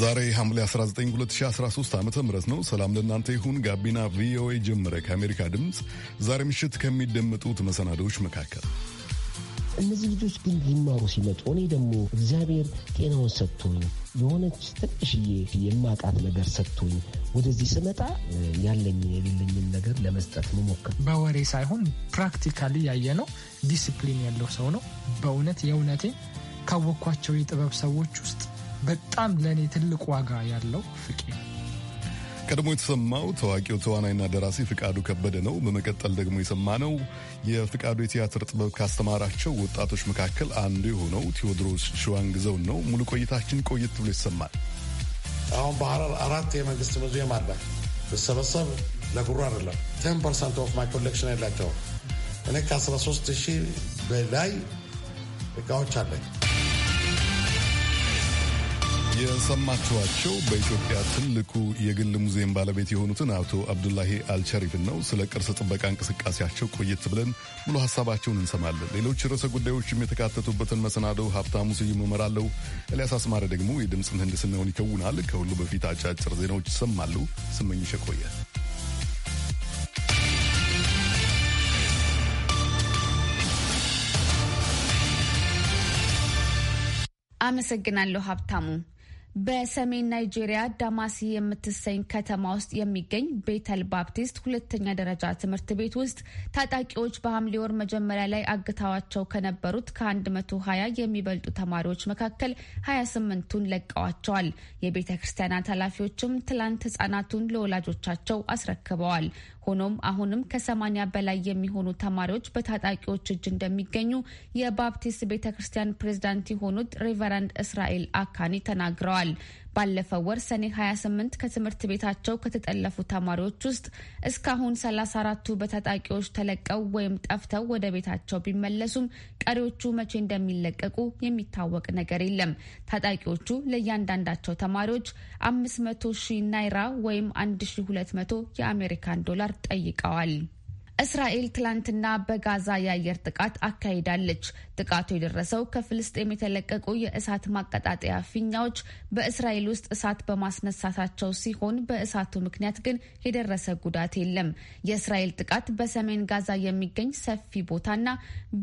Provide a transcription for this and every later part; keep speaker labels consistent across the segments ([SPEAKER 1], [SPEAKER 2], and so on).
[SPEAKER 1] ዛሬ ሐምሌ 19 2013 ዓ ም ነው። ሰላም ለእናንተ ይሁን። ጋቢና ቪኦኤ ጀመረ። ከአሜሪካ ድምፅ ዛሬ ምሽት ከሚደመጡት መሰናዶዎች መካከል
[SPEAKER 2] እነዚህ ልጆች ግን ሊማሩ ሲመጡ እኔ ደግሞ እግዚአብሔር ጤናውን ሰጥቶኝ የሆነች ትንሽዬ የማቃት ነገር ሰጥቶኝ ወደዚህ ስመጣ ያለኝ የሌለኝን ነገር ለመስጠት መሞከር
[SPEAKER 3] በወሬ ሳይሆን ፕራክቲካሊ ያየ ነው። ዲስፕሊን ያለው ሰው ነው። በእውነት የእውነቴ ካወቅኳቸው የጥበብ ሰዎች ውስጥ በጣም ለእኔ ትልቅ ዋጋ ያለው ፍቄ
[SPEAKER 1] ቀድሞ የተሰማው ታዋቂው ተዋናይና ደራሲ ፍቃዱ ከበደ ነው። በመቀጠል ደግሞ የሰማነው የፍቃዱ የቲያትር ጥበብ ካስተማራቸው ወጣቶች መካከል አንዱ የሆነው ቴዎድሮስ ሽዋንግዘውን ነው። ሙሉ ቆይታችን ቆየት ብሎ ይሰማል። አሁን
[SPEAKER 4] በሐረር አራት የመንግስት ሙዚየም አለ። ብሰበሰብ ለጉሩ አይደለም። ቴን ፐርሰንት ኦፍ ማይ ኮሌክሽን የላቸውም። እኔ ከ13 ሺህ በላይ እቃዎች አለኝ። የሰማችኋቸው በኢትዮጵያ
[SPEAKER 1] ትልቁ የግል ሙዚየም ባለቤት የሆኑትን አቶ አብዱላሂ አልቸሪፍን ነው። ስለ ቅርስ ጥበቃ እንቅስቃሴያቸው ቆየት ብለን ሙሉ ሀሳባቸውን እንሰማለን። ሌሎች ርዕሰ ጉዳዮችም የተካተቱበትን መሰናደው ሀብታሙ ስዩም እመራለሁ። ኤልያስ አስማረ ደግሞ የድምፅ ምህንድስናውን ይከውናል። ከሁሉ በፊት አጫጭር ዜናዎች ይሰማሉ። ስመኝሽ ቆየ
[SPEAKER 5] አመሰግናለሁ ሀብታሙ። በሰሜን ናይጄሪያ ዳማሲ የምትሰኝ ከተማ ውስጥ የሚገኝ ቤተል ባፕቲስት ሁለተኛ ደረጃ ትምህርት ቤት ውስጥ ታጣቂዎች በሐምሌ ወር መጀመሪያ ላይ አግታዋቸው ከነበሩት ከ120 የሚበልጡ ተማሪዎች መካከል 28ቱን ለቀዋቸዋል። የቤተ ክርስቲያናት ኃላፊዎችም ትላንት ህጻናቱን ለወላጆቻቸው አስረክበዋል። ሆኖም አሁንም ከ80 በላይ የሚሆኑ ተማሪዎች በታጣቂዎች እጅ እንደሚገኙ የባፕቲስት ቤተ ክርስቲያን ፕሬዝዳንት የሆኑት ሬቨረንድ እስራኤል አካኒ ተናግረዋል። ገልጸዋል። ባለፈው ወር ሰኔ 28 ከትምህርት ቤታቸው ከተጠለፉ ተማሪዎች ውስጥ እስካሁን 34ቱ በታጣቂዎች ተለቀው ወይም ጠፍተው ወደ ቤታቸው ቢመለሱም ቀሪዎቹ መቼ እንደሚለቀቁ የሚታወቅ ነገር የለም። ታጣቂዎቹ ለእያንዳንዳቸው ተማሪዎች 500 ሺህ ናይራ ወይም 1200 የአሜሪካን ዶላር ጠይቀዋል። እስራኤል ትላንትና በጋዛ የአየር ጥቃት አካሂዳለች። ጥቃቱ የደረሰው ከፍልስጤም የተለቀቁ የእሳት ማቀጣጠያ ፊኛዎች በእስራኤል ውስጥ እሳት በማስነሳታቸው ሲሆን በእሳቱ ምክንያት ግን የደረሰ ጉዳት የለም። የእስራኤል ጥቃት በሰሜን ጋዛ የሚገኝ ሰፊ ቦታና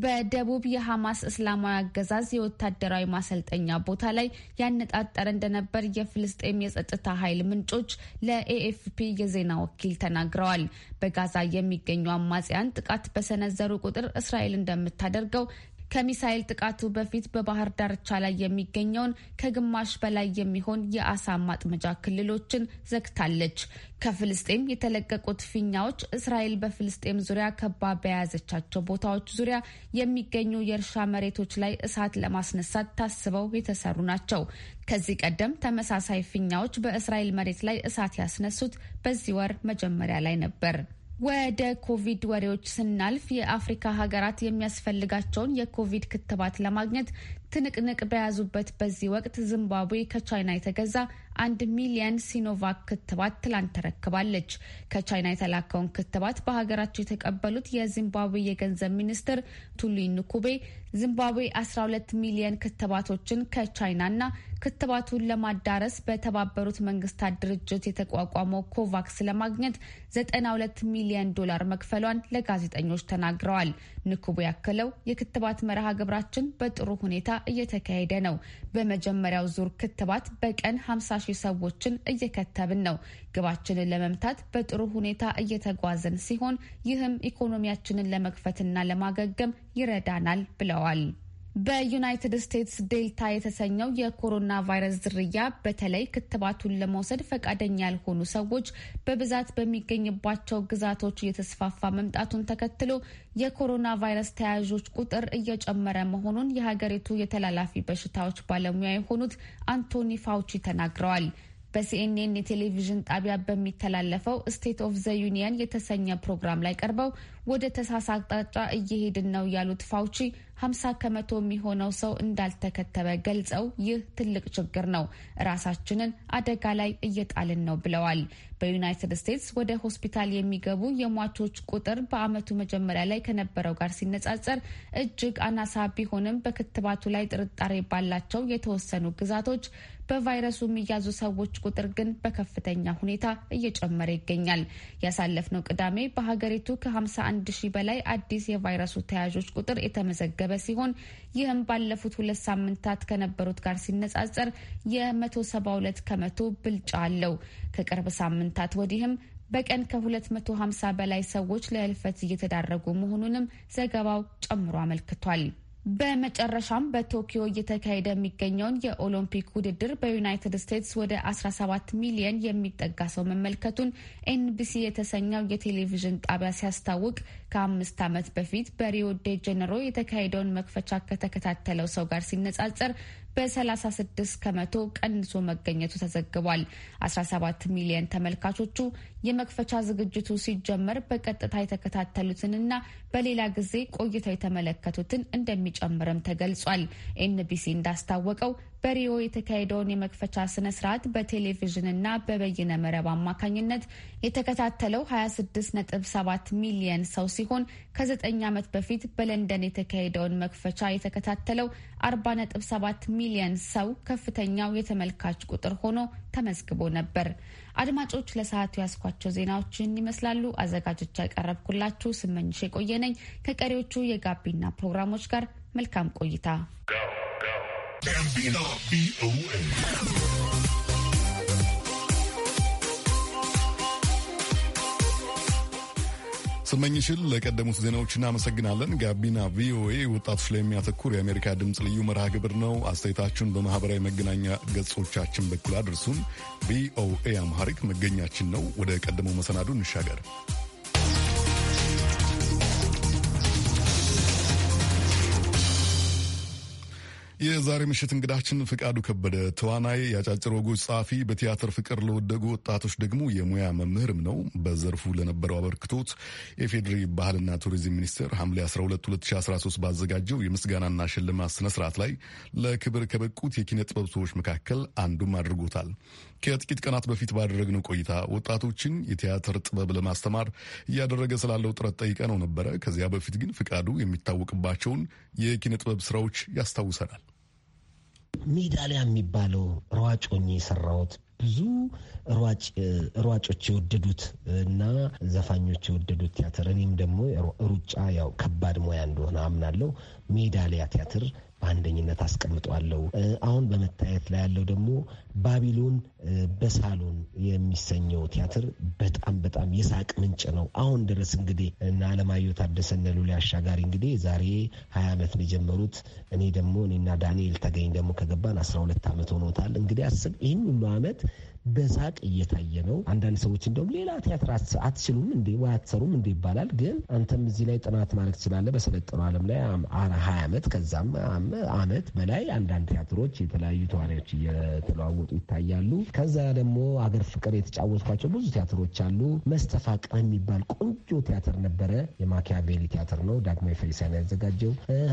[SPEAKER 5] በደቡብ የሐማስ እስላማዊ አገዛዝ የወታደራዊ ማሰልጠኛ ቦታ ላይ ያነጣጠረ እንደነበር የፍልስጤም የጸጥታ ኃይል ምንጮች ለኤኤፍፒ የዜና ወኪል ተናግረዋል። በጋዛ የሚገኙ አማጽያን ጥቃት በሰነዘሩ ቁጥር እስራኤል እንደምታደርገው ከሚሳይል ጥቃቱ በፊት በባህር ዳርቻ ላይ የሚገኘውን ከግማሽ በላይ የሚሆን የአሳ ማጥመጃ ክልሎችን ዘግታለች። ከፍልስጤም የተለቀቁት ፊኛዎች እስራኤል በፍልስጤም ዙሪያ ከባ በያዘቻቸው ቦታዎች ዙሪያ የሚገኙ የእርሻ መሬቶች ላይ እሳት ለማስነሳት ታስበው የተሰሩ ናቸው። ከዚህ ቀደም ተመሳሳይ ፊኛዎች በእስራኤል መሬት ላይ እሳት ያስነሱት በዚህ ወር መጀመሪያ ላይ ነበር። ወደ ኮቪድ ወሬዎች ስናልፍ የአፍሪካ ሀገራት የሚያስፈልጋቸውን የኮቪድ ክትባት ለማግኘት ትንቅንቅ በያዙበት በዚህ ወቅት ዚምባብዌ ከቻይና የተገዛ አንድ ሚሊየን ሲኖቫክ ክትባት ትላንት ተረክባለች። ከቻይና የተላከውን ክትባት በሀገራቸው የተቀበሉት የዚምባብዌ የገንዘብ ሚኒስትር ቱሉ ኑኩቤ ዚምባብዌ 12 ሚሊየን ክትባቶችን ከቻይናና ክትባቱን ለማዳረስ በተባበሩት መንግስታት ድርጅት የተቋቋመው ኮቫክስ ለማግኘት 92 ሚሊየን ዶላር መክፈሏን ለጋዜጠኞች ተናግረዋል። ንኩቡ ያክለው የክትባት መርሃ ግብራችን በጥሩ ሁኔታ እየተካሄደ ነው። በመጀመሪያው ዙር ክትባት በቀን 50 ሺህ ሰዎችን እየከተብን ነው። ግባችንን ለመምታት በጥሩ ሁኔታ እየተጓዝን ሲሆን ይህም ኢኮኖሚያችንን ለመክፈትና ለማገገም ይረዳናል ብለዋል። በዩናይትድ ስቴትስ ዴልታ የተሰኘው የኮሮና ቫይረስ ዝርያ በተለይ ክትባቱን ለመውሰድ ፈቃደኛ ያልሆኑ ሰዎች በብዛት በሚገኝባቸው ግዛቶች እየተስፋፋ መምጣቱን ተከትሎ የኮሮና ቫይረስ ተያያዦች ቁጥር እየጨመረ መሆኑን የሀገሪቱ የተላላፊ በሽታዎች ባለሙያ የሆኑት አንቶኒ ፋውቺ ተናግረዋል። በሲኤንኤን የቴሌቪዥን ጣቢያ በሚተላለፈው ስቴት ኦፍ ዘ ዩኒየን የተሰኘ ፕሮግራም ላይ ቀርበው ወደ ተሳሳ አቅጣጫ እየሄድን ነው ያሉት ፋውቺ 50 ከመቶ የሚሆነው ሰው እንዳልተከተበ ገልጸው ይህ ትልቅ ችግር ነው፣ ራሳችንን አደጋ ላይ እየጣልን ነው ብለዋል። በዩናይትድ ስቴትስ ወደ ሆስፒታል የሚገቡ የሟቾች ቁጥር በዓመቱ መጀመሪያ ላይ ከነበረው ጋር ሲነጻጸር እጅግ አናሳ ቢሆንም በክትባቱ ላይ ጥርጣሬ ባላቸው የተወሰኑ ግዛቶች በቫይረሱ የሚያዙ ሰዎች ቁጥር ግን በከፍተኛ ሁኔታ እየጨመረ ይገኛል። ያሳለፍነው ቅዳሜ በሀገሪቱ ከ51 ሺህ በላይ አዲስ የቫይረሱ ተያዦች ቁጥር የተመዘገበ ሲሆን ይህም ባለፉት ሁለት ሳምንታት ከነበሩት ጋር ሲነጻጸር የ172 ከመቶ ብልጫ አለው። ከቅርብ ሳምንታት ወዲህም በቀን ከ250 በላይ ሰዎች ለህልፈት እየተዳረጉ መሆኑንም ዘገባው ጨምሮ አመልክቷል። በመጨረሻም በቶኪዮ እየተካሄደ የሚገኘውን የኦሎምፒክ ውድድር በዩናይትድ ስቴትስ ወደ 17 ሚሊየን የሚጠጋ ሰው መመልከቱን ኤንቢሲ የተሰኘው የቴሌቪዥን ጣቢያ ሲያስታውቅ ከአምስት ዓመት በፊት በሪዮ ዴ ጀነሮ የተካሄደውን መክፈቻ ከተከታተለው ሰው ጋር ሲነጻጸር በ36 ከመቶ ቀንሶ መገኘቱ ተዘግቧል። 17 ሚሊዮን ተመልካቾቹ የመክፈቻ ዝግጅቱ ሲጀመር በቀጥታ የተከታተሉትንና በሌላ ጊዜ ቆይተው የተመለከቱትን እንደሚጨምርም ተገልጿል። ኤንቢሲ እንዳስታወቀው በሪዮ የተካሄደውን የመክፈቻ ስነ ስርዓት በቴሌቪዥንና በበይነ መረብ አማካኝነት የተከታተለው 26.7 ሚሊየን ሰው ሲሆን ከዘጠኝ ዓመት በፊት በለንደን የተካሄደውን መክፈቻ የተከታተለው 40.7 ሚሊየን ሰው ከፍተኛው የተመልካች ቁጥር ሆኖ ተመዝግቦ ነበር። አድማጮች ለሰዓቱ ያስኳቸው ዜናዎችን ይመስላሉ። አዘጋጆች ያቀረብኩላችሁ ስመኝሽ የቆየነኝ ከቀሪዎቹ የጋቢና ፕሮግራሞች ጋር መልካም ቆይታ ጋቢና ቪኦኤ
[SPEAKER 1] ስመኝሽን ለቀደሙት ዜናዎች እናመሰግናለን። ጋቢና ቪኦኤ ወጣቶች ላይ የሚያተኩር የአሜሪካ ድምፅ ልዩ መርሃ ግብር ነው። አስተያየታችሁን በማህበራዊ መገናኛ ገጾቻችን በኩል አድርሱን። ቪኦኤ አምሃሪክ መገኛችን ነው። ወደ ቀደመው መሰናዱ እንሻገር። የዛሬ ምሽት እንግዳችን ፍቃዱ ከበደ ተዋናይ፣ የአጫጭር ወጎች ጸሐፊ፣ በቲያትር ፍቅር ለወደጉ ወጣቶች ደግሞ የሙያ መምህርም ነው። በዘርፉ ለነበረው አበርክቶት የፌዴሪ ባህልና ቱሪዝም ሚኒስቴር ሐምሌ 12 2013 ባዘጋጀው የምስጋናና ሽልማት ስነስርዓት ላይ ለክብር ከበቁት የኪነ ጥበብ ሰዎች መካከል አንዱም አድርጎታል። ከጥቂት ቀናት በፊት ባደረግነው ቆይታ ወጣቶችን የቲያትር ጥበብ ለማስተማር እያደረገ ስላለው ጥረት ጠይቀ ነው ነበረ። ከዚያ በፊት ግን ፍቃዱ የሚታወቅባቸውን የኪነ ጥበብ ስራዎች ያስታውሰናል።
[SPEAKER 2] ሜዳሊያ የሚባለው ሯጭ ሆኜ የሰራሁት ብዙ ሯጮች የወደዱት እና ዘፋኞች የወደዱት ቲያትር እኔም ደግሞ ሩጫ ያው ከባድ ሙያ እንደሆነ አምናለሁ። ሜዳሊያ ቲያትር በአንደኝነት አስቀምጧለው አሁን በመታየት ላይ ያለው ደግሞ ባቢሎን በሳሎን የሚሰኘው ቲያትር በጣም በጣም የሳቅ ምንጭ ነው። አሁን ድረስ እንግዲህ እና አለማየሁ ታደሰነ ሉሊ አሻጋሪ እንግዲህ ዛሬ ሀያ ዓመት ነው የጀመሩት። እኔ ደግሞ እኔና ዳንኤል ተገኝ ደግሞ ከገባን አስራ ሁለት ዓመት ሆኖታል። እንግዲህ አስብ ይህን ሁሉ ዓመት በሳቅ እየታየ ነው። አንዳንድ ሰዎች እንደውም ሌላ ቲያትር አትችሉም እንዴ ወይ አትሰሩም እንዴ ይባላል። ግን አንተም እዚህ ላይ ጥናት ማለት ትችላለ። በሰለጠኑ ዓለም ላይ ሀያ ዓመት ከዛም ዓመት በላይ አንዳንድ ቲያትሮች የተለያዩ ተዋናዮች እየተለዋወጡ ይታያሉ። ከዛ ደግሞ አገር ፍቅር የተጫወትኳቸው ብዙ ቲያትሮች አሉ። መስተፋቅር የሚባል ቆንጆ ቲያትር ነበረ። የማኪያቬሊ ቲያትር ነው። ዳግማዊ ፈሪሳን ያዘጋጀው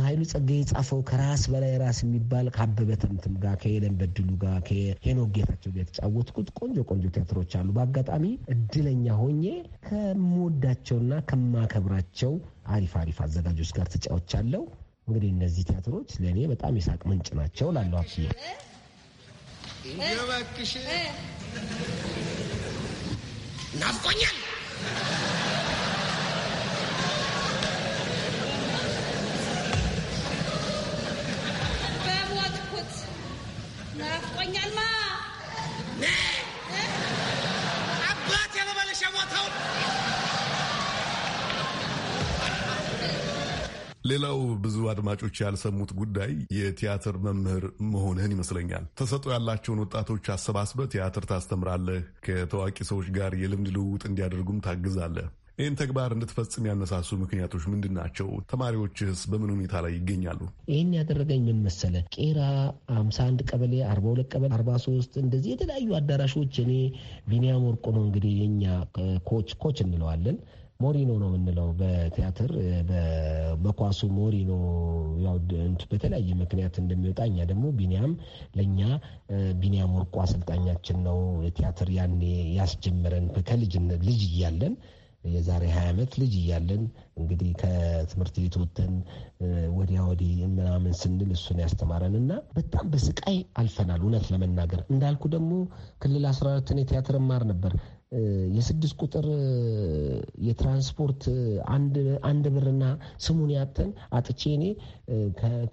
[SPEAKER 2] ኃይሉ ጸጋዬ የጻፈው ከራስ በላይ ራስ የሚባል ከአበበ ተምትም ጋር ከየለን በድሉ ጋር ከሄኖክ ጌታቸው ጋር የተጫወትኩ የሚያስታውቁት ቆንጆ ቆንጆ ቲያትሮች አሉ። በአጋጣሚ እድለኛ ሆኜ ከምወዳቸውና ከማከብራቸው አሪፍ አሪፍ አዘጋጆች ጋር ተጫውቻለሁ። እንግዲህ እነዚህ ቲያትሮች ለእኔ በጣም የሳቅ ምንጭ ናቸው። ላለው አብዬ ናፍቆኛል
[SPEAKER 5] በሞትኩት
[SPEAKER 1] ሌላው ብዙ አድማጮች ያልሰሙት ጉዳይ የቲያትር መምህር መሆንህን ይመስለኛል። ተሰጦ ያላቸውን ወጣቶች አሰባስበ ቲያትር ታስተምራለህ፣ ከታዋቂ ሰዎች ጋር የልምድ ልውውጥ እንዲያደርጉም ታግዛለህ። ይህን ተግባር እንድትፈጽም ያነሳሱ ምክንያቶች ምንድን ናቸው? ተማሪዎችስ በምን ሁኔታ ላይ ይገኛሉ?
[SPEAKER 2] ይህን ያደረገኝ ምን መሰለ፣ ቄራ አምሳ አንድ ቀበሌ አርባ ሁለት ቀበሌ አርባ ሶስት እንደዚህ የተለያዩ አዳራሾች እኔ ቢኒያም ወርቆ ነው እንግዲህ የኛ ኮች ኮች እንለዋለን ሞሪኖ ነው የምንለው በቲያትር በኳሱ ሞሪኖ በተለያየ ምክንያት እንደሚወጣ እኛ ደግሞ ቢኒያም ለእኛ ቢኒያም ወርቁ አሰልጣኛችን ነው። ቲያትር ያኔ ያስጀመረን ከልጅነት ልጅ እያለን የዛሬ ሀያ ዓመት ልጅ እያለን እንግዲህ ከትምህርት ቤት ወጥተን ወዲያ ወዲህ ምናምን ስንል እሱን ያስተማረን እና በጣም በስቃይ አልፈናል። እውነት ለመናገር እንዳልኩ ደግሞ ክልል አስራ ሁለትን የቲያትር ማር ነበር የስድስት ቁጥር የትራንስፖርት አንድ ብርና ስሙን ያተን አጥቼ እኔ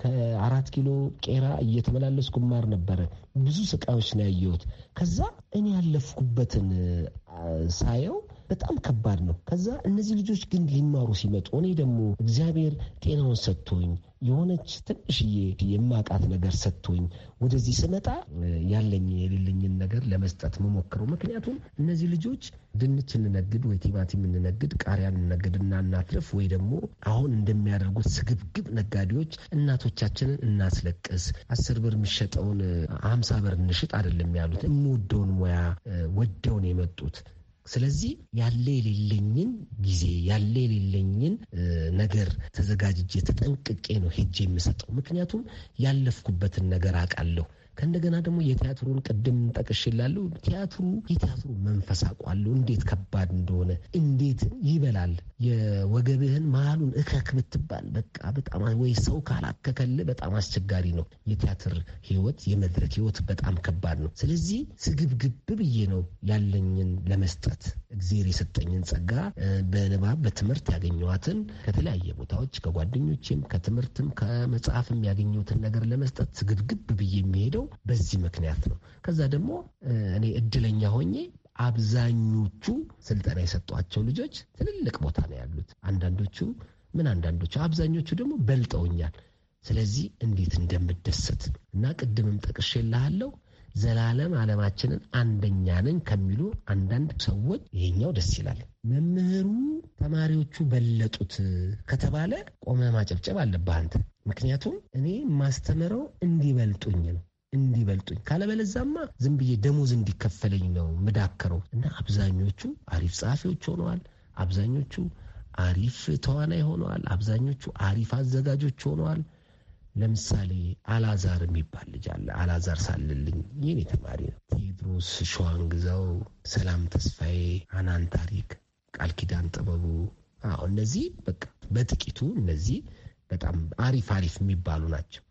[SPEAKER 2] ከአራት ኪሎ ቄራ እየተመላለስ ጉማር ነበረ። ብዙ ስቃዮች ነው ያየሁት። ከዛ እኔ ያለፍኩበትን ሳየው በጣም ከባድ ነው። ከዛ እነዚህ ልጆች ግን ሊማሩ ሲመጡ እኔ ደግሞ እግዚአብሔር ጤናውን ሰጥቶኝ የሆነች ትንሽዬ የማቃት ነገር ሰጥቶኝ ወደዚህ ስመጣ ያለኝ የሌለኝን ነገር ለመስጠት መሞክረው። ምክንያቱም እነዚህ ልጆች ድንች እንነግድ ወይ ቲማቲም እንነግድ፣ ቃሪያ እና እናትርፍ ወይ ደግሞ አሁን እንደሚያደርጉት ስግብግብ ነጋዴዎች እናቶቻችንን እናስለቅስ፣ አስር ብር የሚሸጠውን አምሳ ብር እንሽጥ አይደለም ያሉት። የምወደውን ሙያ ወደውን የመጡት ስለዚህ ያለ የሌለኝን ጊዜ ያለ የሌለኝን ነገር ተዘጋጅጄ ተጠንቅቄ ነው ሄጄ የምሰጠው። ምክንያቱም ያለፍኩበትን ነገር አውቃለሁ። ከእንደገና ደግሞ የቲያትሩን ቅድም ጠቅሽላለሁ። ቲያትሩ የቲያትሩ መንፈስ አውቋለሁ፣ እንዴት ከባድ እንደሆነ እንዴት ይበላል። የወገብህን መሀሉን እከክ ብትባል በቃ በጣም ወይ ሰው ካላከከል በጣም አስቸጋሪ ነው። የቲያትር ህይወት፣ የመድረክ ህይወት በጣም ከባድ ነው። ስለዚህ ስግብግብ ብዬ ነው ያለኝን ለመስጠት እግዜር የሰጠኝን ጸጋ በንባብ በትምህርት ያገኘኋትን ከተለያየ ቦታዎች ከጓደኞቼም ከትምህርትም ከመጽሐፍም ያገኘሁትን ነገር ለመስጠት ስግብግብ ብዬ የሚሄደው በዚህ ምክንያት ነው። ከዛ ደግሞ እኔ እድለኛ ሆኜ አብዛኞቹ ስልጠና የሰጧቸው ልጆች ትልልቅ ቦታ ነው ያሉት። አንዳንዶቹ ምን አንዳንዶቹ አብዛኞቹ ደግሞ በልጠውኛል። ስለዚህ እንዴት እንደምደሰት እና ቅድምም ጠቅሼልሃለሁ ዘላለም ዓለማችንን አንደኛ ነን ከሚሉ አንዳንድ ሰዎች ይሄኛው ደስ ይላል። መምህሩ ተማሪዎቹ በለጡት ከተባለ ቆመ ማጨብጨብ አለብህ አንተ። ምክንያቱም እኔ ማስተምረው እንዲበልጡኝ ነው። እንዲበልጡኝ፣ ካለበለዛማ ዝም ብዬ ደሞዝ እንዲከፈለኝ ነው ምዳከረው እና አብዛኞቹ አሪፍ ጸሐፊዎች ሆነዋል። አብዛኞቹ አሪፍ ተዋናይ ሆነዋል። አብዛኞቹ አሪፍ አዘጋጆች ሆነዋል። ለምሳሌ አላዛር የሚባል ልጅ አለ። አላዛር ሳልልኝ የኔ ተማሪ ነው። ቴድሮስ ሸዋንግዛው፣ ሰላም ተስፋዬ፣ አናን ታሪክ፣ ቃል ኪዳን ጥበቡ፣ እነዚህ በቃ በጥቂቱ እነዚህ በጣም አሪፍ አሪፍ የሚባሉ ናቸው።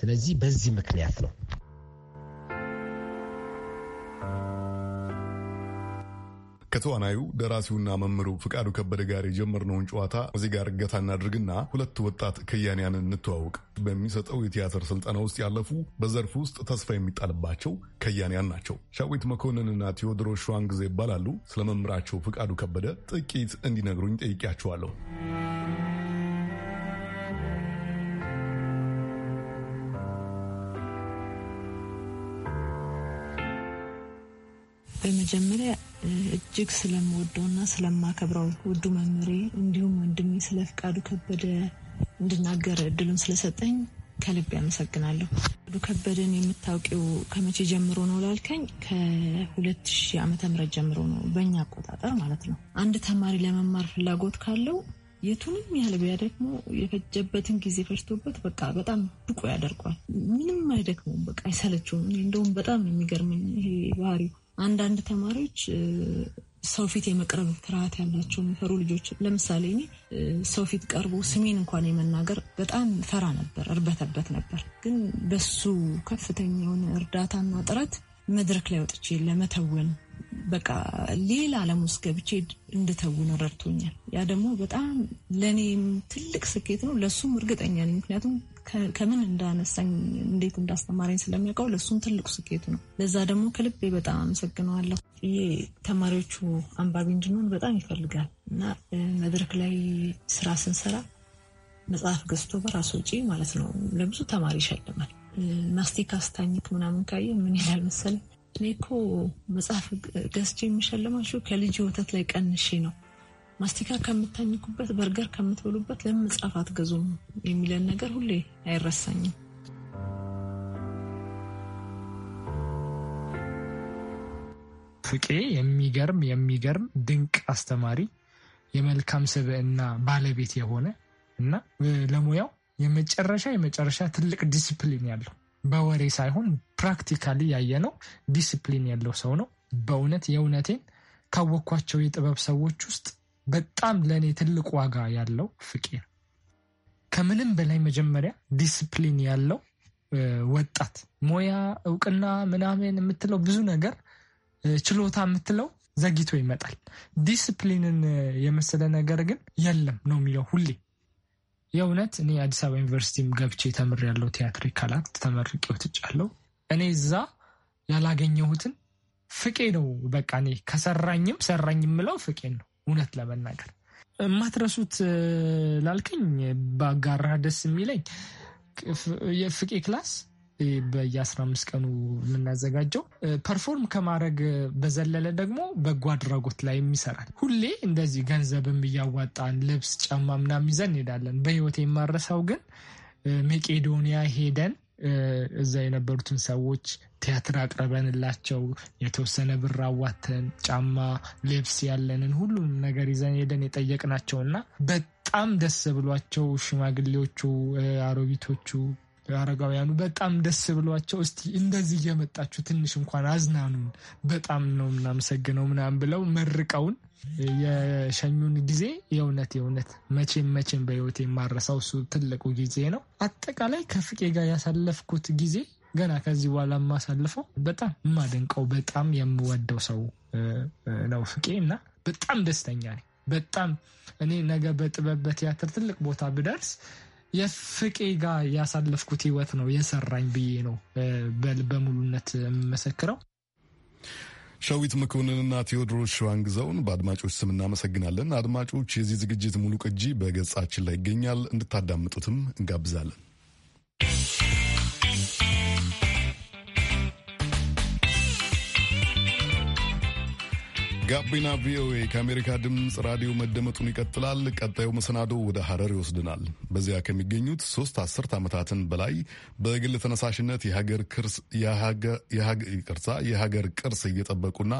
[SPEAKER 2] ስለዚህ በዚህ ምክንያት ነው።
[SPEAKER 1] ከተዋናዩ ደራሲውና መምህሩ ፍቃዱ ከበደ ጋር የጀመርነውን ጨዋታ እዚህ ጋር እገታ እናድርግና ሁለት ወጣት ከያንያን እንተዋውቅ። በሚሰጠው የቲያትር ስልጠና ውስጥ ያለፉ በዘርፍ ውስጥ ተስፋ የሚጣልባቸው ከያንያን ናቸው። ሻዊት መኮንንና ቴዎድሮስ ሸዋን ጊዜ ይባላሉ። ስለ መምህራቸው ፍቃዱ ከበደ ጥቂት እንዲነግሩኝ ጠይቄያቸዋለሁ።
[SPEAKER 6] በመጀመሪያ እጅግ ስለምወደውና ስለማከብረው ውዱ መምሬ እንዲሁም ወንድሜ ስለ ፍቃዱ ከበደ እንድናገር እድሉን ስለሰጠኝ ከልብ ያመሰግናለሁ። ፍቃዱ ከበደን የምታውቂው ከመቼ ጀምሮ ነው ላልከኝ ከ2000 ዓ.ም ጀምሮ ነው፣ በእኛ አቆጣጠር ማለት ነው። አንድ ተማሪ ለመማር ፍላጎት ካለው የቱንም ያህል ቢያደክሞ የፈጀበትን ጊዜ ፈጅቶበት በቃ በጣም ብቁ ያደርጓል። ምንም አይደክመውም፣ በቃ አይሰለችውም። እንደውም በጣም የሚገርመኝ ይሄ ባህሪው አንዳንድ ተማሪዎች ሰው ፊት የመቅረብ ፍርሃት ያላቸው የሚፈሩ ልጆች፣ ለምሳሌ እኔ ሰው ፊት ቀርቦ ስሜን እንኳን የመናገር በጣም ፈራ ነበር፣ እርበተበት ነበር። ግን በሱ ከፍተኛውን እርዳታና ጥረት መድረክ ላይ ወጥቼ ለመተወን በቃ ሌላ ዓለም ውስጥ ገብቼ እንድተውን ረድቶኛል። ያ ደግሞ በጣም ለእኔም ትልቅ ስኬት ነው፣ ለእሱም እርግጠኛ ነኝ። ምክንያቱም ከምን እንዳነሳኝ እንዴት እንዳስተማረኝ ስለሚያውቀው ለእሱም ትልቁ ስኬቱ ነው። ለዛ ደግሞ ከልቤ በጣም አመሰግነዋለሁ። ይሄ ተማሪዎቹ አንባቢ እንድንሆን በጣም ይፈልጋል እና መድረክ ላይ ስራ ስንሰራ መጽሐፍ ገዝቶ በራሱ ውጪ ማለት ነው ለብዙ ተማሪ ይሸልማል። ማስቲካ ስታኝክ ምናምን ካየ ምን ይላል መሰለኝ እኔ እኮ መጽሐፍ ገዝቼ የሚሸልማችሁ ከልጅ ወተት ላይ ቀንሼ ነው። ማስቲካ ከምታኝኩበት፣ በርገር ከምትበሉበት ለምን መጽሐፍ አትገዙም የሚለን ነገር ሁሌ አይረሳኝም።
[SPEAKER 3] ፍቄ የሚገርም የሚገርም ድንቅ አስተማሪ፣ የመልካም ስብዕና ባለቤት የሆነ እና ለሙያው የመጨረሻ የመጨረሻ ትልቅ ዲስፕሊን ያለው በወሬ ሳይሆን ፕራክቲካሊ ነው። ዲስፕሊን ያለው ሰው ነው። በእውነት የእውነቴን ካወቅኳቸው የጥበብ ሰዎች ውስጥ በጣም ለእኔ ትልቅ ዋጋ ያለው ፍቄ ከምንም በላይ መጀመሪያ ዲስፕሊን ያለው ወጣት ሞያ፣ እውቅና ምናምን የምትለው ብዙ ነገር ችሎታ የምትለው ዘግይቶ ይመጣል። ዲስፕሊንን የመሰለ ነገር ግን የለም ነው የሚለው ሁሌ የእውነት እኔ አዲስ አበባ ዩኒቨርሲቲም ገብቼ ተምር ያለው ቲያትሪ ካላት ተመርቄ ወጥቻለሁ። እኔ እዛ ያላገኘሁትን ፍቄ ነው። በቃ እኔ ከሰራኝም ሰራኝ የምለው ፍቄን ነው እውነት ለመናገር የማትረሱት ላልከኝ በአጋራህ ደስ የሚለኝ የፍቄ ክላስ በየ15 ቀኑ የምናዘጋጀው ፐርፎርም ከማድረግ በዘለለ ደግሞ በጎ አድራጎት ላይ ይሰራል። ሁሌ እንደዚህ ገንዘብም እያዋጣን ልብስ፣ ጫማ ምናምን ይዘን እንሄዳለን። በህይወት የማረሳው ግን መቄዶኒያ ሄደን እዛ የነበሩትን ሰዎች ቲያትር አቅርበንላቸው የተወሰነ ብር አዋተን ጫማ፣ ልብስ ያለንን ሁሉም ነገር ይዘን ሄደን እና በጣም ደስ ብሏቸው ሽማግሌዎቹ፣ አሮጊቶቹ አረጋውያኑ በጣም ደስ ብሏቸው እስቲ እንደዚህ እየመጣችሁ ትንሽ እንኳን አዝናኑን በጣም ነው የምናመሰግነው ምናምን ብለው መርቀውን የሸኙን ጊዜ የእውነት የእውነት መቼም መቼም በህይወት የማረሳው እሱ ትልቁ ጊዜ ነው። አጠቃላይ ከፍቄ ጋር ያሳለፍኩት ጊዜ ገና ከዚህ በኋላ የማሳልፈው በጣም የማደንቀው በጣም የምወደው ሰው ነው ፍቄ እና በጣም ደስተኛ ነኝ። በጣም እኔ ነገ በጥበብ በቲያትር ትልቅ ቦታ ብደርስ የፍቄ ጋር ያሳለፍኩት ህይወት ነው የሰራኝ ብዬ ነው በሙሉነት የምመሰክረው።
[SPEAKER 1] ሸዊት መኮንንና ቴዎድሮስ ሸዋንግዘውን በአድማጮች ስም እናመሰግናለን። አድማጮች የዚህ ዝግጅት ሙሉ ቅጂ በገጻችን ላይ ይገኛል፣ እንድታዳምጡትም እንጋብዛለን። ጋቢና ቪኦኤ ከአሜሪካ ድምፅ ራዲዮ መደመጡን ይቀጥላል። ቀጣዩ መሰናዶ ወደ ሐረር ይወስድናል። በዚያ ከሚገኙት ሶስት አስርት ዓመታትን በላይ በግል ተነሳሽነት ቅርሳ የሀገር ቅርስ እየጠበቁና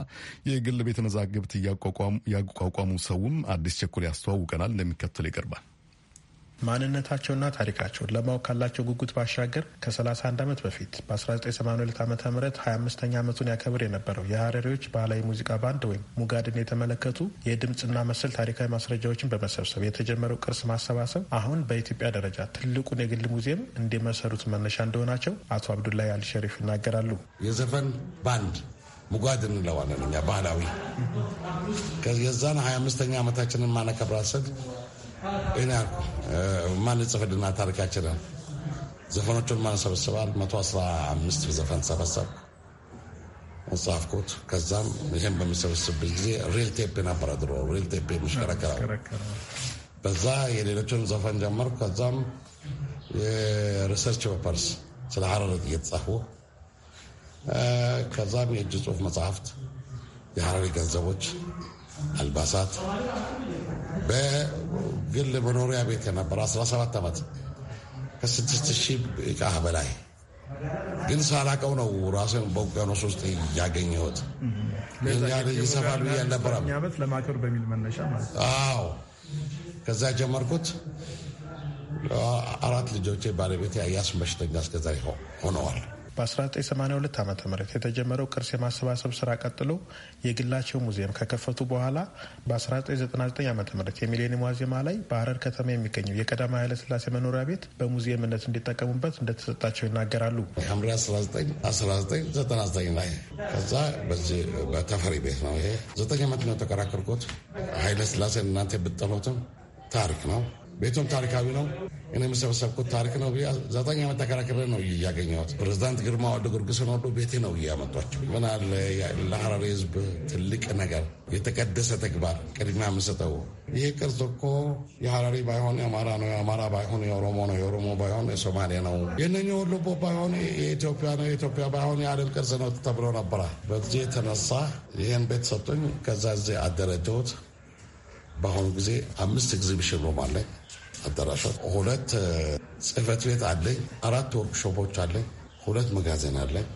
[SPEAKER 1] የግል ቤተ መዛግብት እያቋቋሙ ሰውም አዲስ ቸኩል ያስተዋውቀናል። እንደሚከተል ይቀርባል።
[SPEAKER 7] ማንነታቸውና ታሪካቸውን ለማወቅ ካላቸው ጉጉት ባሻገር ከ31 ዓመት በፊት በ1982 ዓ ም 25ኛ ዓመቱን ያከብር የነበረው የሀረሪዎች ባህላዊ ሙዚቃ ባንድ ወይም ሙጋድን የተመለከቱ የድምፅና መሰል ታሪካዊ ማስረጃዎችን በመሰብሰብ የተጀመረው ቅርስ ማሰባሰብ አሁን በኢትዮጵያ ደረጃ ትልቁን የግል ሙዚየም እንዲመሰሩት መነሻ እንደሆናቸው አቶ
[SPEAKER 4] አብዱላይ አልሸሪፍ ሸሪፍ ይናገራሉ። የዘፈን ባንድ ሙጓድ እንለዋለን እኛ ባህላዊ የዛን 25ኛ ዓመታችንን ማነከብራሰድ ኢና ማንጽፍልና ታሪካችንን ዘፈኖቹን ማን ሰብስባል። 115 ዘፈን ሰበሰብ ጻፍኩት። ከዛም ይህም በሚሰበስብበት ጊዜ ሪል ቴፕ ነበረ ድሮ ሪል ቴፕ የሚሽከረከረው በዛ የሌሎችን ዘፈን ጀመር። ከዛም የሪሰርች ፔፐርስ ስለ ሀረር እየተጻፉ ከዛም የእጅ ጽሁፍ መጽሐፍት፣ የሀረሪ ገንዘቦች አልባሳት በግል መኖሪያ ቤት ከነበረ 17 ዓመት ከ6 ሺህ እቃህ በላይ ግን ሳላቀው ነው ራሴን በውቅያኖስ ውስጥ እያገኘሁት ይሰፋል ብዬ አልነበረም። ለማክበር አዎ፣ ከዛ የጀመርኩት አራት ልጆቼ ባለቤት አያስ በሽተኛ እስከዛ ሆነዋል።
[SPEAKER 7] በ1982 ዓ ም የተጀመረው ቅርስ የማሰባሰብ ስራ ቀጥሎ የግላቸው ሙዚየም ከከፈቱ በኋላ በ1999 ዓ ም የሚሌኒየም ዋዜማ ላይ በሀረር ከተማ የሚገኘው የቀዳማዊ ኃይለስላሴ መኖሪያ ቤት በሙዚየምነት እንዲጠቀሙበት እንደተሰጣቸው ይናገራሉ።
[SPEAKER 4] ሐምሌ 1999 ላይ ከዛ በዚህ በተፈሪ ቤት ነው። ይሄ ዘጠኝ ዓመት ነው የተከራከርኩት። ኃይለሥላሴን እናንተ ብትጠሉትም ታሪክ ነው ቤቱም ታሪካዊ ነው። እኔ የምሰበሰብኩት ታሪክ ነው። ዘጠኝ ዓመት ተከራክሬ ነው እያገኘሁት። ፕሬዚዳንት ግርማ ወደ ጊዮርጊስን ወዶ ቤቴ ነው እያመጧቸው ምናለ አለ ለሐረሪ ሕዝብ ትልቅ ነገር የተቀደሰ ተግባር ቅድሚያ የምሰጠው ይህ ቅርጽ እኮ የሐረሪ ባይሆን የአማራ ነው፣ የአማራ ባይሆን የኦሮሞ ነው፣ የኦሮሞ ባይሆን የሶማሌ ነው፣ የነኛ ወሎቦ ባይሆን የኢትዮጵያ ነው፣ የኢትዮጵያ ባይሆን የአደል ቅርጽ ነው ተብሎ ነበራ በዚህ የተነሳ ይህን ቤት ሰጡኝ። ከዛ ዜ አደረጀሁት። በአሁኑ ጊዜ አምስት ኤግዚቢሽን ሮም አለኝ አዳራሾች፣ ሁለት ጽህፈት ቤት አለኝ፣ አራት ወርክሾፖች አለኝ፣ ሁለት መጋዘን አለኝ።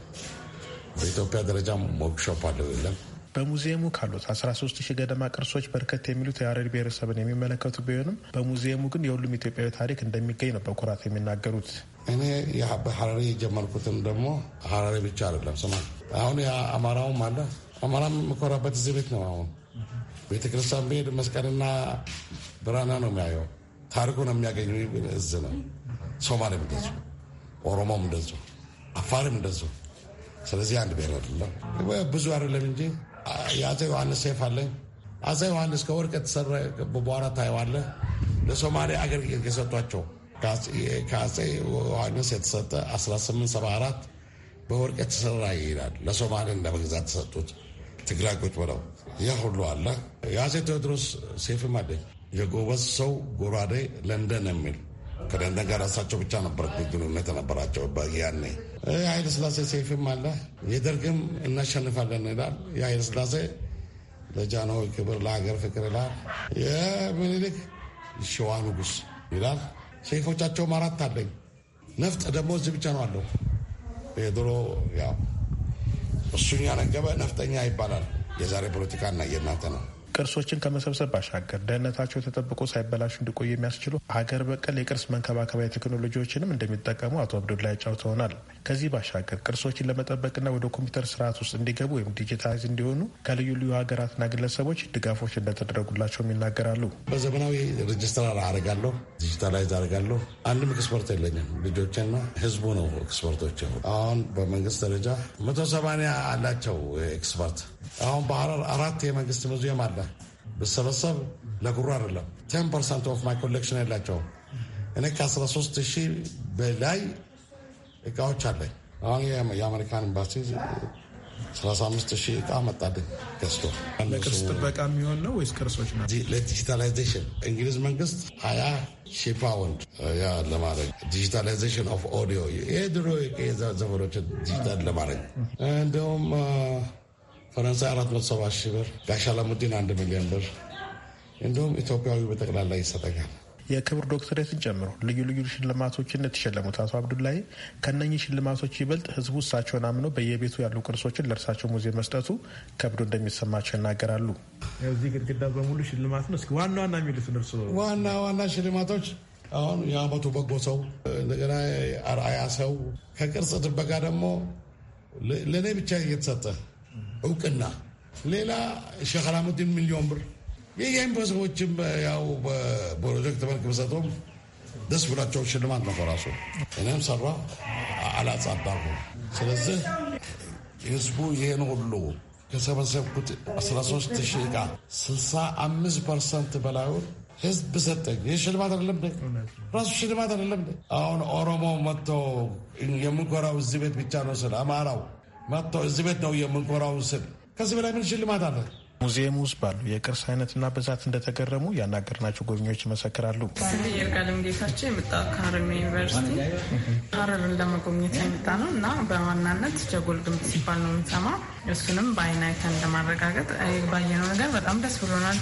[SPEAKER 4] በኢትዮጵያ ደረጃም ወርክሾፕ አለው የለም።
[SPEAKER 7] በሙዚየሙ ካሉት 13 ሺህ ገደማ ቅርሶች በርከት የሚሉት የሀረሪ ብሔረሰብን የሚመለከቱ ቢሆንም በሙዚየሙ ግን የሁሉም ኢትዮጵያዊ ታሪክ እንደሚገኝ ነው በኩራት የሚናገሩት።
[SPEAKER 4] እኔ በሀረሪ የጀመርኩትም ደግሞ ሀረሪ ብቻ አይደለም ስማ፣ አሁን የአማራውም አለ። አማራም የምኮራበት እዚህ ቤት ነው አሁን ቤተክርስቲያን ብሄድ መስቀልና ብራና ነው የሚያየው። ታሪኩ ነው የሚያገኙ። እዝ ነው። ሶማሌም እንደዚሁ፣ ኦሮሞም እንደዚሁ፣ አፋርም እንደዚሁ። ስለዚህ አንድ ብሄር አይደለም። ብዙ አይደለም እንጂ የአፄ ዮሐንስ ሴፍ አለኝ። አፄ ዮሐንስ ከወርቅ የተሰራ በኋላ ታየዋለ ለሶማሌ አገልግሎት የሰጧቸው ከአፄ ዮሐንስ የተሰጠ 1874 በወርቅ የተሰራ ይሄዳል። ለሶማሌ እንደ መግዛት ተሰጡት ትግራጎች ብለው ያ ሁሉ አለ። የአፄ ቴዎድሮስ ሴፍም ማደኝ የጎበዝ ሰው ጎራዴ ለንደን የሚል ከለንደን ጋር እሳቸው ብቻ ነበር ግንኙነት ነበራቸው ያኔ። ስላሴ ሴፍም አለ። የደርግም እናሸንፋለን ይላል። ስላሴ ለጃንሆይ ክብር ለሀገር ፍቅር ይላል። የምኒልክ ሸዋ ንጉስ ይላል። ሴፎቻቸውም አራት አለኝ። ነፍጥ ደግሞ እዚህ ብቻ ነው አለው። የድሮ ያው እሱኛ ነገበ ነፍጠኛ ይባላል። የዛሬ እና የእናንተ ነው።
[SPEAKER 7] ቅርሶችን ከመሰብሰብ ባሻገር ደህንነታቸው ተጠብቆ ሳይበላሹ እንዲቆዩ የሚያስችሉ ሀገር በቀል የቅርስ መንከባከቢያ ቴክኖሎጂዎችንም እንደሚጠቀሙ አቶ አብዱላ ያጫውተውናል። ከዚህ ባሻገር ቅርሶችን ለመጠበቅና ወደ ኮምፒውተር ስርዓት ውስጥ እንዲገቡ ወይም ዲጂታይዝ እንዲሆኑ ከልዩ ልዩ ሀገራትና ግለሰቦች ድጋፎች እንደተደረጉላቸውም ይናገራሉ።
[SPEAKER 4] በዘመናዊ ሬጅስትራር አረጋለሁ፣ ዲጂታላይዝ አረጋለሁ። አንድም ኤክስፐርት የለኝም። ልጆችና ህዝቡ ነው ኤክስፐርቶች። አሁን በመንግስት ደረጃ መቶ ሰማንያ አላቸው ኤክስፐርት አሁን በሐረር አራት የመንግስት ሙዚየም አለ። ብሰበሰብ ለጉሩ አይደለም። ቴን ፐርሰንት ኦፍ ማይ ኮሌክሽን የላቸው። እኔ ከ13 ሺህ በላይ እቃዎች አለኝ። አሁን የአሜሪካን ኤምባሲ 35 ሺህ እቃ መጣልኝ ገዝቶ። ለቅርስ ጥበቃ የሚሆን ነው ወይስ ቅርሶች ነው? ለዲጂታላይዜሽን እንግሊዝ መንግስት ሀያ ሺህ ፓውንድ ያ ለማድረግ ዲጂታላይዜሽን ኦፍ ኦዲዮ የድሮ ዘፈኖችን ዲጂታል ለማድረግ እንዲሁም ፈረንሳይ 470 ሺህ ብር፣ ጋሻላሙዲን አንድ ሚሊዮን ብር እንዲሁም ኢትዮጵያዊ በጠቅላላ ይሰጠጋል። የክብር
[SPEAKER 7] ዶክትሬትን ጨምሮ ልዩ ልዩ ሽልማቶችን የተሸለሙት አቶ አብዱላይ ከነኚህ ሽልማቶች ይበልጥ ህዝቡ እሳቸውን አምኖ በየቤቱ ያሉ ቅርሶችን ለእርሳቸው ሙዚየም መስጠቱ ከብዶ እንደሚሰማቸው
[SPEAKER 4] ይናገራሉ። እዚህ ግድግዳ በሙሉ ሽልማት ነው። እስኪ ዋና ዋና የሚሉት እርስ ዋና ዋና ሽልማቶች አሁን የአመቱ በጎ ሰው፣ እንደገና አርአያ ሰው፣ ከቅርጽ ጥበቃ ደግሞ ለእኔ ብቻ እየተሰጠ እውቅና ሌላ ሸኸላሙዲን ሚሊዮን ብር የየዩኒቨርሲቲዎችም ያው በፕሮጀክት መልክ ብሰጠውም ደስ ብላቸው ሽልማት ነው ራሱ እኔም ሰራ አላጻባሁ። ስለዚህ ህዝቡ ይህን ሁሉ ከሰበሰብኩት 13 ሺህ ዕቃ 65 ፐርሰንት በላዩን ህዝብ ሰጠኝ። ይህ ሽልማት አይደለም ራሱ ሽልማት አይደለም። አሁን ኦሮሞ መጥቶ የምንኮራው እዚህ ቤት ብቻ ነው ስለ አማራው መጥተው እዚህ ቤት ነው የምንኮራውን ስል ከዚህ በላይ ምን ሽልማት አለ?
[SPEAKER 7] ሙዚየም ውስጥ ባሉ የቅርስ አይነትና ብዛት እንደተገረሙ ያናገርናቸው ጎብኚዎች ይመሰክራሉ።
[SPEAKER 3] ስሜ
[SPEAKER 6] ጌታቸው የመጣ ከሀረር ዩኒቨርሲቲ ሀረርን ለመጎብኘት የመጣ ነው እና በዋናነት ጀጎል ግንብ ሲባል ነው የምንሰማ። እሱንም በአይን አይተን ለማረጋገጥ ባየነው ነገር በጣም ደስ ብሎናል።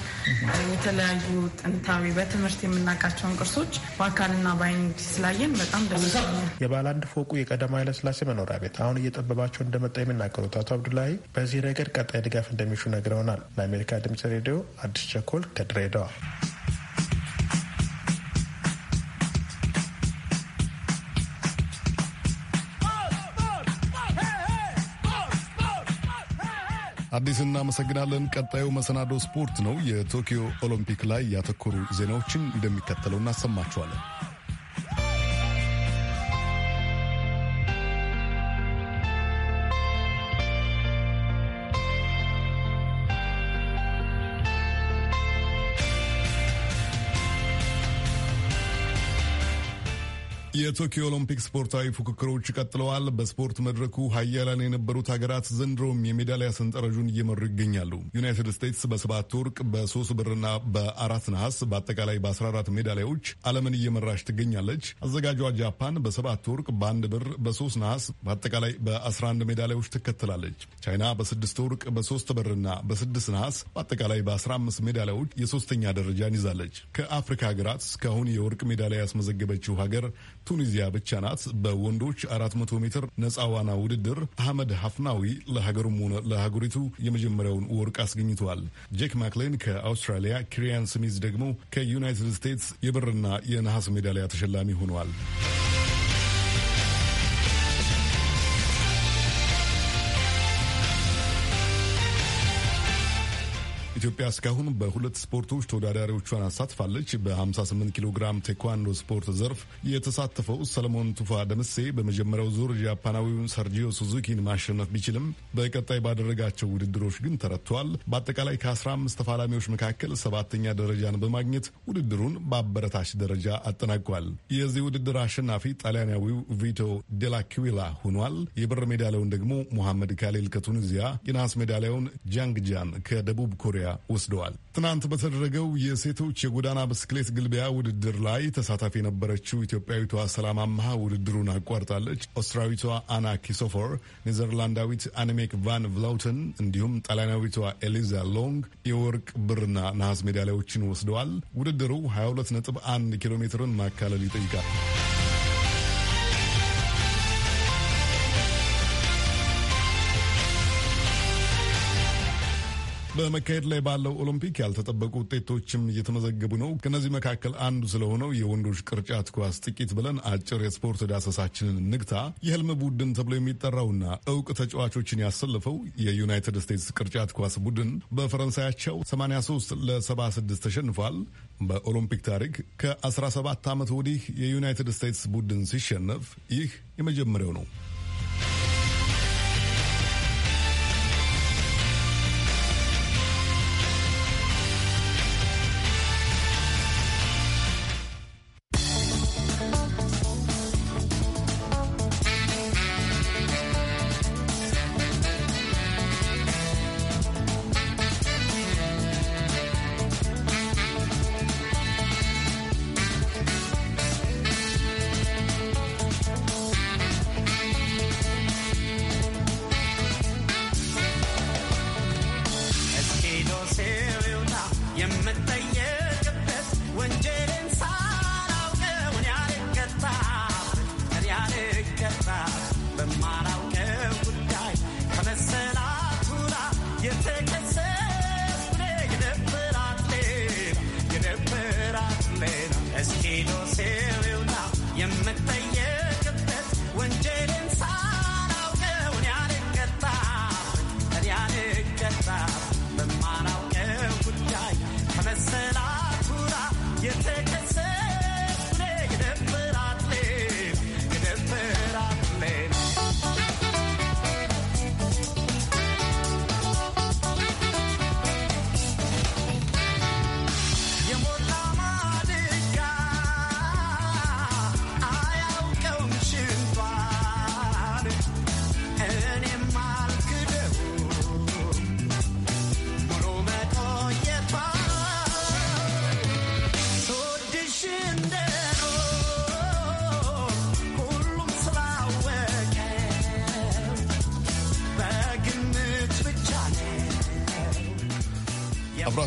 [SPEAKER 6] የተለያዩ ጥንታዊ በትምህርት የምናውቃቸውን ቅርሶች በአካልና በአይን ስላየን በጣም ደስ ብሎናል።
[SPEAKER 7] የባለ አንድ ፎቁ የቀዳማዊ ኃይለሥላሴ መኖሪያ ቤት አሁን እየጠበባቸው እንደመጣ የሚናገሩት አቶ አብዱላሂ በዚህ ረገድ ቀጣይ ድጋፍ እንደሚሹ ነግረውናል። ለአሜሪካ ድምጽ ሬዲዮ አዲስ ቸኮል ከድሬዳዋ።
[SPEAKER 1] አዲስ እናመሰግናለን። ቀጣዩ መሰናዶ ስፖርት ነው። የቶኪዮ ኦሎምፒክ ላይ ያተኮሩ ዜናዎችን እንደሚከተለው እናሰማችኋለን። የቶኪዮ ኦሎምፒክ ስፖርታዊ ፉክክሮች ቀጥለዋል። በስፖርት መድረኩ ሀያላን የነበሩት ሀገራት ዘንድሮም የሜዳሊያ ሰንጠረዡን እየመሩ ይገኛሉ። ዩናይትድ ስቴትስ በሰባት ወርቅ፣ በሶስት ብርና በአራት ነሐስ በአጠቃላይ በ14 ሜዳሊያዎች ዓለምን እየመራች ትገኛለች። አዘጋጇ ጃፓን በሰባት ወርቅ፣ በአንድ ብር፣ በሶስት ነሐስ በአጠቃላይ በ11 ሜዳሊያዎች ትከተላለች። ቻይና በስድስት ወርቅ፣ በሶስት ብርና በስድስት ነሐስ በአጠቃላይ በ15 ሜዳሊያዎች የሶስተኛ ደረጃን ይዛለች። ከአፍሪካ ሀገራት እስካሁን የወርቅ ሜዳሊያ ያስመዘገበችው ሀገር ቱኒዚያ ብቻ ናት በወንዶች 400 ሜትር ነፃ ዋና ውድድር አህመድ ሀፍናዊ ለሀገሩም ሆነ ለሀገሪቱ የመጀመሪያውን ወርቅ አስገኝተዋል። ጄክ ማክሌን ከአውስትራሊያ፣ ኪሪያን ስሚዝ ደግሞ ከዩናይትድ ስቴትስ የብርና የነሐስ ሜዳሊያ ተሸላሚ ሆነዋል። ኢትዮጵያ እስካሁን በሁለት ስፖርቶች ተወዳዳሪዎቿን አሳትፋለች። በ58 ኪሎ ግራም ቴኳንዶ ስፖርት ዘርፍ የተሳተፈው ሰለሞን ቱፋ ደምሴ በመጀመሪያው ዙር ጃፓናዊውን ሰርጂዮ ሱዙኪን ማሸነፍ ቢችልም በቀጣይ ባደረጋቸው ውድድሮች ግን ተረትተዋል። በአጠቃላይ ከ15 ተፋላሚዎች መካከል ሰባተኛ ደረጃን በማግኘት ውድድሩን በአበረታች ደረጃ አጠናቋል። የዚህ ውድድር አሸናፊ ጣሊያናዊው ቪቶ ዴላኪዊላ ሆኗል። የብር ሜዳሊያውን ደግሞ ሙሐመድ ካሌል ከቱኒዚያ፣ የነሐስ ሜዳሊያውን ጃንግጃን ከደቡብ ኮሪያ ወስደዋል። ትናንት በተደረገው የሴቶች የጎዳና ብስክሌት ግልቢያ ውድድር ላይ ተሳታፊ የነበረችው ኢትዮጵያዊቷ ሰላም አምሃ ውድድሩን አቋርጣለች። ኦስትራዊቷ አና ኪሶፎር፣ ኔዘርላንዳዊት አኒሜክ ቫን ቭላውተን እንዲሁም ጣሊያናዊቷ ኤሊዛ ሎንግ የወርቅ ብርና ነሐስ ሜዳሊያዎችን ወስደዋል። ውድድሩ 22.1 ኪሎ ሜትርን ማካለል ይጠይቃል። በመካሄድ ላይ ባለው ኦሎምፒክ ያልተጠበቁ ውጤቶችም እየተመዘገቡ ነው። ከእነዚህ መካከል አንዱ ስለሆነው የወንዶች ቅርጫት ኳስ ጥቂት ብለን አጭር የስፖርት ዳሰሳችንን ንግታ። የህልም ቡድን ተብሎ የሚጠራውና እውቅ ተጫዋቾችን ያሰለፈው የዩናይትድ ስቴትስ ቅርጫት ኳስ ቡድን በፈረንሳያቸው 83 ለ76 ተሸንፏል። በኦሎምፒክ ታሪክ ከ17 ዓመት ወዲህ የዩናይትድ ስቴትስ ቡድን ሲሸነፍ ይህ የመጀመሪያው ነው።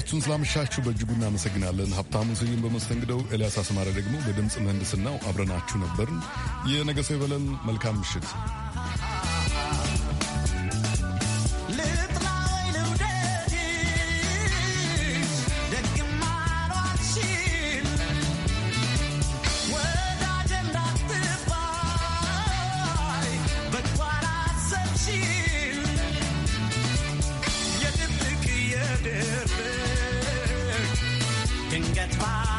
[SPEAKER 1] አብራችሁን ስላመሻችሁ በእጅጉ እናመሰግናለን። ሀብታሙ ስዩን በመስተንግደው፣ ኤልያስ አስማረ ደግሞ በድምፅ ምህንድስናው አብረናችሁ ነበርን። የነገ ሰው ይበለን። መልካም ምሽት።
[SPEAKER 8] nothing gets by.